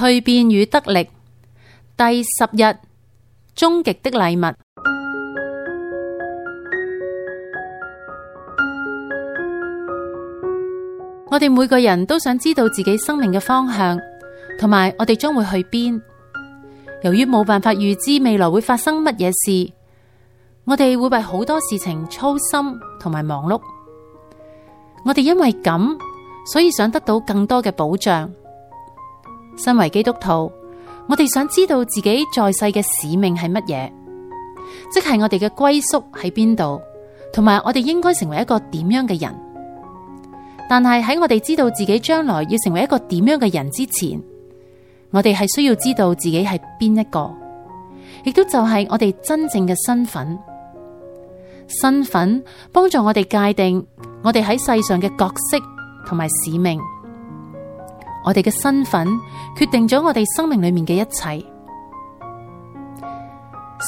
蛻變與得力，第十日，終極的禮物。 我哋每個人都想知道自己生命嘅方向，同埋我哋將會去邊。由於冇辦法預知未來會發生乜嘢事，我哋會為好多事情操心同埋忙碌。我哋因為咁，所以想得到更多嘅保障。身為基督徒，我哋想知道自己在世嘅使命係乜嘢，即係我哋嘅歸宿喺邊度，同埋我哋應該成為一個點樣嘅人。但係喺我哋知道自己將來要成為一個點樣嘅人之前，我哋係需要知道自己係邊一個，亦都就係我哋真正嘅身份。身份幫助我哋界定我哋喺世上嘅角色同埋使命。我哋嘅身份決定咗我哋生命裏面嘅一切。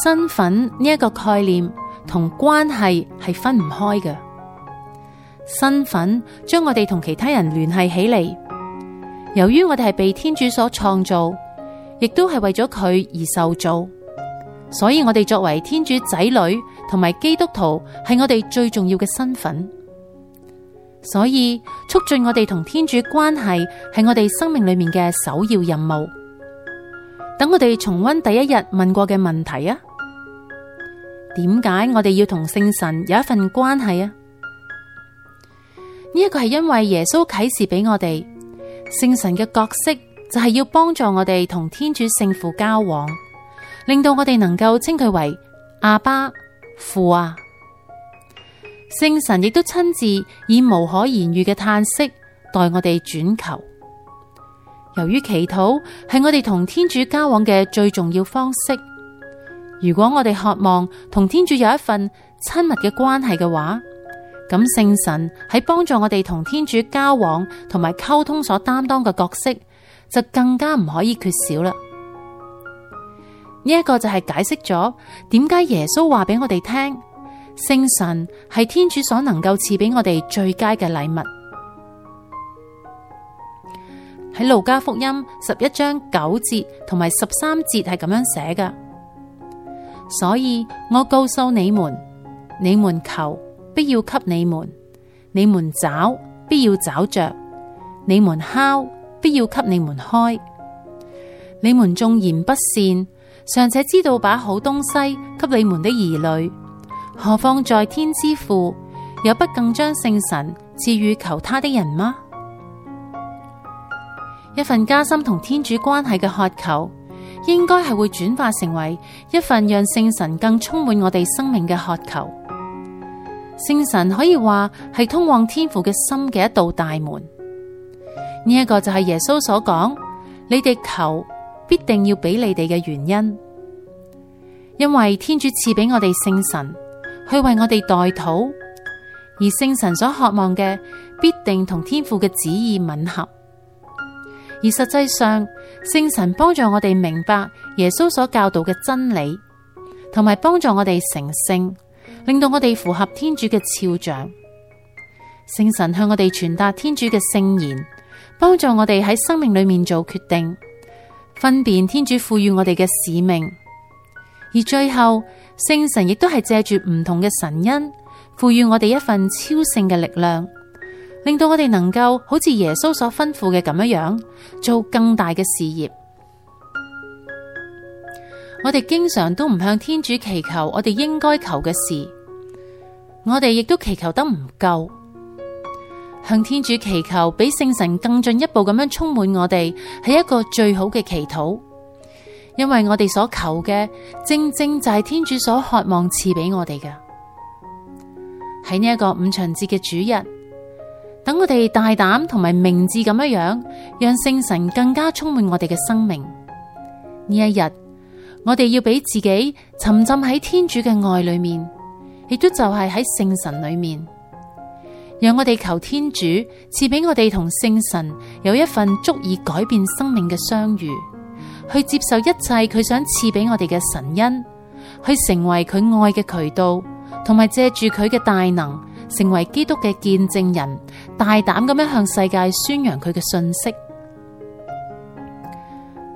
身份呢一個概念同關係係分唔開嘅。身份將我哋同其他人聯繫起嚟。由於我哋係被天主所創造，亦都係為咗佢而受造，所以我哋作為天主仔女同埋基督徒，係我哋最重要嘅身份。所以，促進我哋同天主關係係我哋生命裏面嘅首要任務。等我哋重溫第一日問過嘅問題啊，點解我哋要同聖神有一份關係啊？呢一個係因為耶穌啟示俾我哋，聖神嘅角色就係要幫助我哋同天主聖父交往，令到我哋能夠稱佢為阿爸父啊。聖神亦都親自以無可言喻嘅嘆息，代我哋轉求。由於祈禱係我哋同天主交往嘅最重要方式，如果我哋渴望同天主有一份親密嘅關係嘅話，咁聖神喺幫助我哋同天主交往同埋溝通所擔當嘅角色就更加唔可以缺少啦。呢、這、一個就係解釋咗點解耶穌話俾我哋聽。聖神係天主所能夠賜俾我哋最佳嘅禮物。喺路加福音十一章九節同埋十三節係咁樣寫嘅，所以我告訴你們：你們求，必要給你們；你們找，必要找着；你們敲，必要給你們開；你們縱然不善，尚且知道把好東西給你們的兒女。何況在天之父，有不更將聖神賜予求他的人嗎？一份加深同天主關係嘅渴求，應該係會轉化成為一份讓聖神更充滿我哋生命嘅渴求。聖神可以話係通往天父嘅心嘅一道大門。呢、這、一個就係耶穌所講，你哋求必定要俾你哋嘅原因，因為天主賜俾我哋聖神。去為我哋代禱，而聖神所渴望嘅必定同天父嘅旨意吻合。而實際上，聖神幫助我哋明白耶穌所教導嘅真理，同埋幫助我哋成聖，令到我哋符合天主嘅肖像。聖神向我哋傳達天主嘅聖言，幫助我哋喺生命裏面做決定，分辨天主賦予我哋嘅使命，而最後。聖神亦都係借住唔同嘅神恩，賦予我哋一份超性嘅力量，令到我哋能夠好似耶穌所吩咐嘅咁樣樣，做更大嘅事業。 我哋經常都唔向天主祈求我哋應該求嘅事，我哋亦都祈求得唔夠，向天主祈求比聖神更進一步咁樣充滿我哋，係一個最好嘅祈禱。因為我哋所求嘅，正正就係天主所渴望賜俾我哋嘅。喺呢一個五旬節嘅主日，等我哋大膽同埋明智咁樣樣，讓聖神更加充滿我哋嘅生命。呢一日，我哋要俾自己沉浸喺天主嘅愛裏面，亦都就係喺聖神裏面，讓我哋求天主賜俾我哋同聖神有一份足以改變生命嘅相遇。去接受一切佢想賜俾我哋嘅神恩，去成為佢愛嘅渠道，同埋借住佢嘅大能，成為基督嘅見證人，大膽咁樣向世界宣揚佢嘅訊息。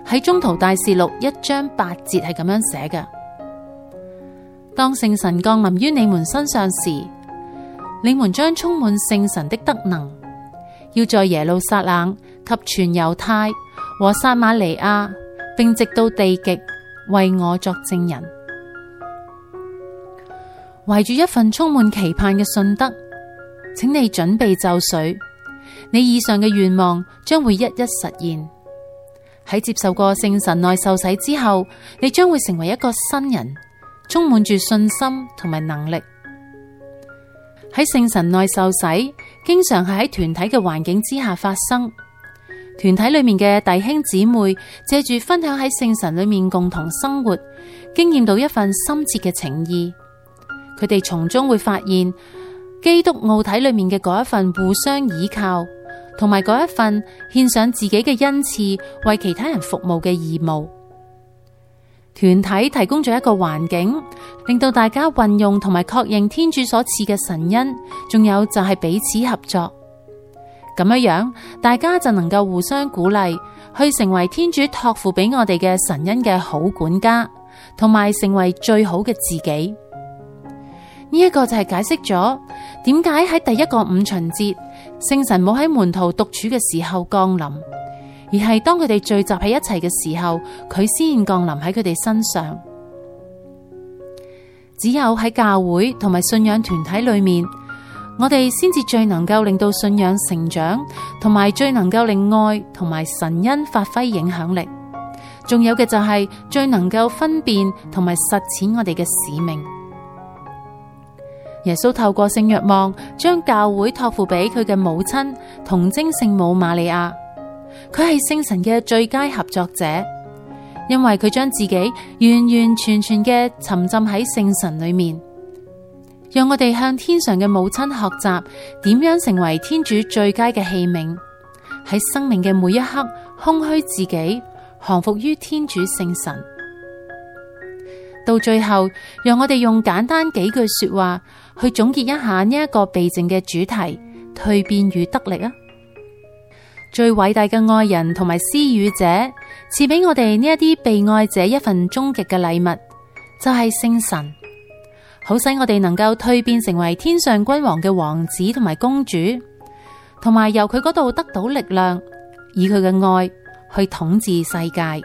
喺《宗徒大事錄》一章八節係咁樣寫嘅：「當聖神降臨於你們身上時，你們將充滿聖神的德能，要在耶路撒冷及全猶太和撒瑪黎雅。並直到地極，為我作證人。懷住一份充滿期盼嘅信德，請你準備就緒，你以上嘅願望將會一一實現。喺接受過聖神內受洗之後，你將會成為一個新人，充滿住信心同埋能力。喺聖神內受洗，經常係喺團體嘅環境之下發生。團體裏面嘅弟兄姊妹借住分享喺聖神裏面共同生活，經驗到一份深切嘅情誼。佢哋從中會發現基督奧體裏面嘅嗰一份互相依靠，同埋嗰一份獻上自己嘅恩賜為其他人服務嘅義務。團體提供咗一個環境，令到大家運用同埋確認天主所賜嘅神恩，仲有就係彼此合作。咁樣樣，大家就能夠互相鼓勵，去成為天主托付俾我哋嘅神恩嘅好管家，同埋成為最好嘅自己。呢、這、一個就係解釋咗點解喺第一個五旬節，聖神冇喺門徒獨處嘅時候降臨，而係當佢哋聚集喺一齊嘅時候，佢先降臨喺佢哋身上。只有喺教會同埋信仰團體裏面。我哋先至最能夠令到信仰成長，同埋最能夠令愛同埋神恩發揮影響力。仲有嘅就係最能夠分辨同埋實踐我哋嘅使命。耶穌透過聖若望，將教會托付俾佢嘅母親童貞聖母瑪利亞。佢係聖神嘅最佳合作者，因為佢將自己完完全全嘅沉浸喺聖神裏面。讓我哋向天上嘅母親學習，點樣成為天主最佳嘅器皿，喺生命嘅每一刻空虛自己，降服於天主聖神。到最後，讓我哋用簡單幾句說話去總結一下呢一個避靜嘅主題：蛻變與得力啊！最偉大嘅愛人同埋施予者，賜俾我哋呢一啲被愛者一份終極嘅禮物，就係、是、聖神。好使我哋能夠蛻變成為天上君王嘅王子同埋公主，同埋由佢嗰度得到力量，以佢嘅愛去統治世界。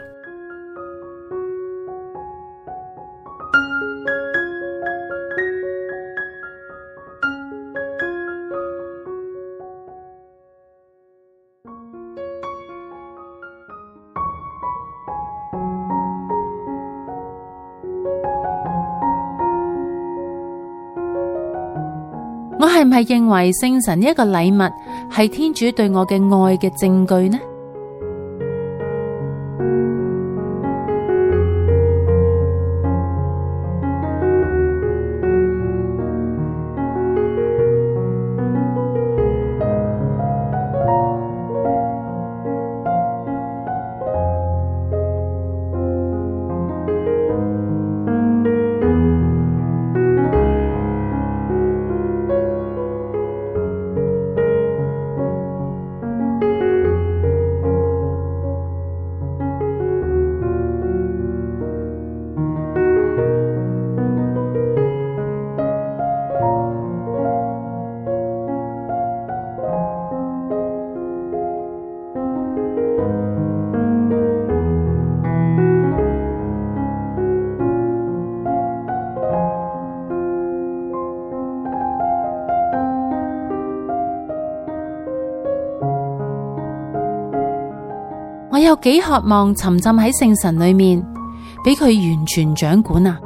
我係唔係認為聖神呢一個禮物係天主對我嘅愛嘅證據呢？你有幾渴望沉浸喺聖神裏面，俾佢完全掌管啊？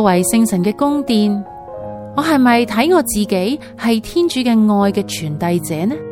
作為聖神嘅宮殿，我係咪睇我自己係天主嘅愛嘅傳遞者呢？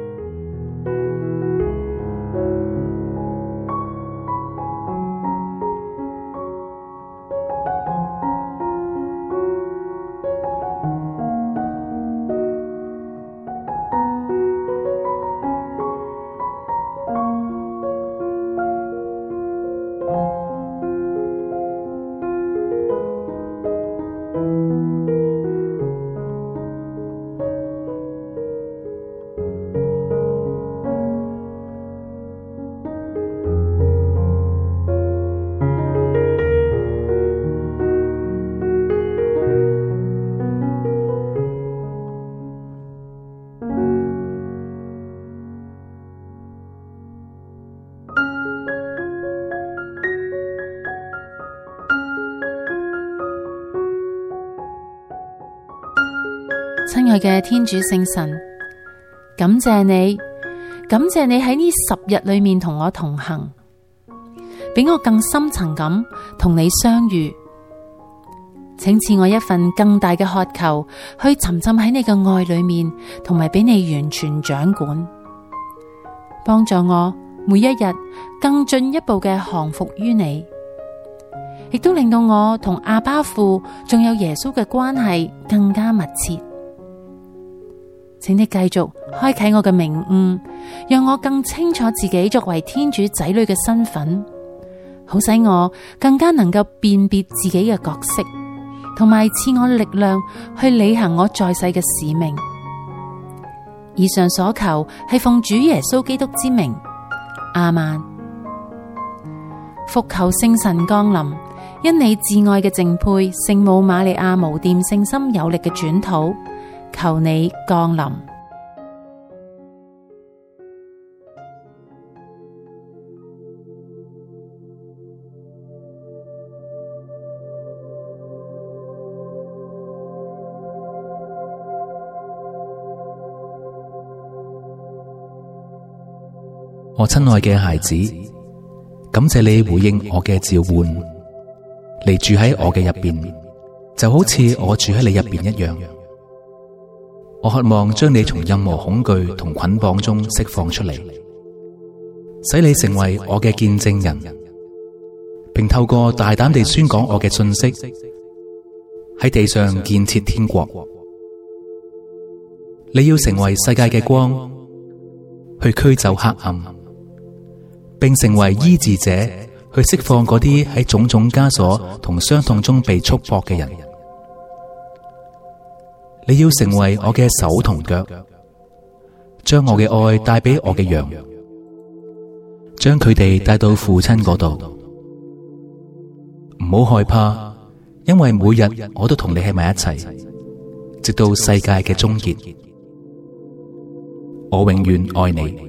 親愛嘅天主聖神，感謝你，感謝你喺呢十日裏面同我同行，俾我更深層咁同你相遇，請賜我一份更大嘅渴求，去沉浸喺你嘅愛裏面，同埋俾你完全掌管，幫助我每一日更進一步嘅降服於你，亦都令到我同阿爸父仲有耶穌嘅關係更加密切。請你繼續開啟我嘅明悟，讓我更清楚自己作為天主仔女嘅身份，好使我更加能夠辨別自己嘅角色，同埋賜我力量去履行我在世嘅使命。以上所求係奉主耶穌基督之名，阿們。伏求聖神降臨，因你至愛嘅淨配，聖母瑪利亞無玷聖心有力嘅轉禱。求你降臨，我親愛嘅孩子，感謝你回應我嘅召喚，你住喺我嘅入邊，就好似我住喺你入邊一樣。我渴望將你從任何恐懼同捆綁中釋放出嚟，使你成為我嘅見證人，並透過大膽地宣講我嘅信息，喺地上建設天國。你要成為世界嘅光，去驅走黑暗，並成為醫治者，去釋放嗰啲喺種種枷鎖同傷痛中被束縛嘅人。你要成為我嘅手同腳，將我嘅愛帶俾我嘅羊，將佢哋帶到父親嗰度。唔好害怕，因為每日我都同你喺埋一齊，直到世界嘅終結。我永遠愛你。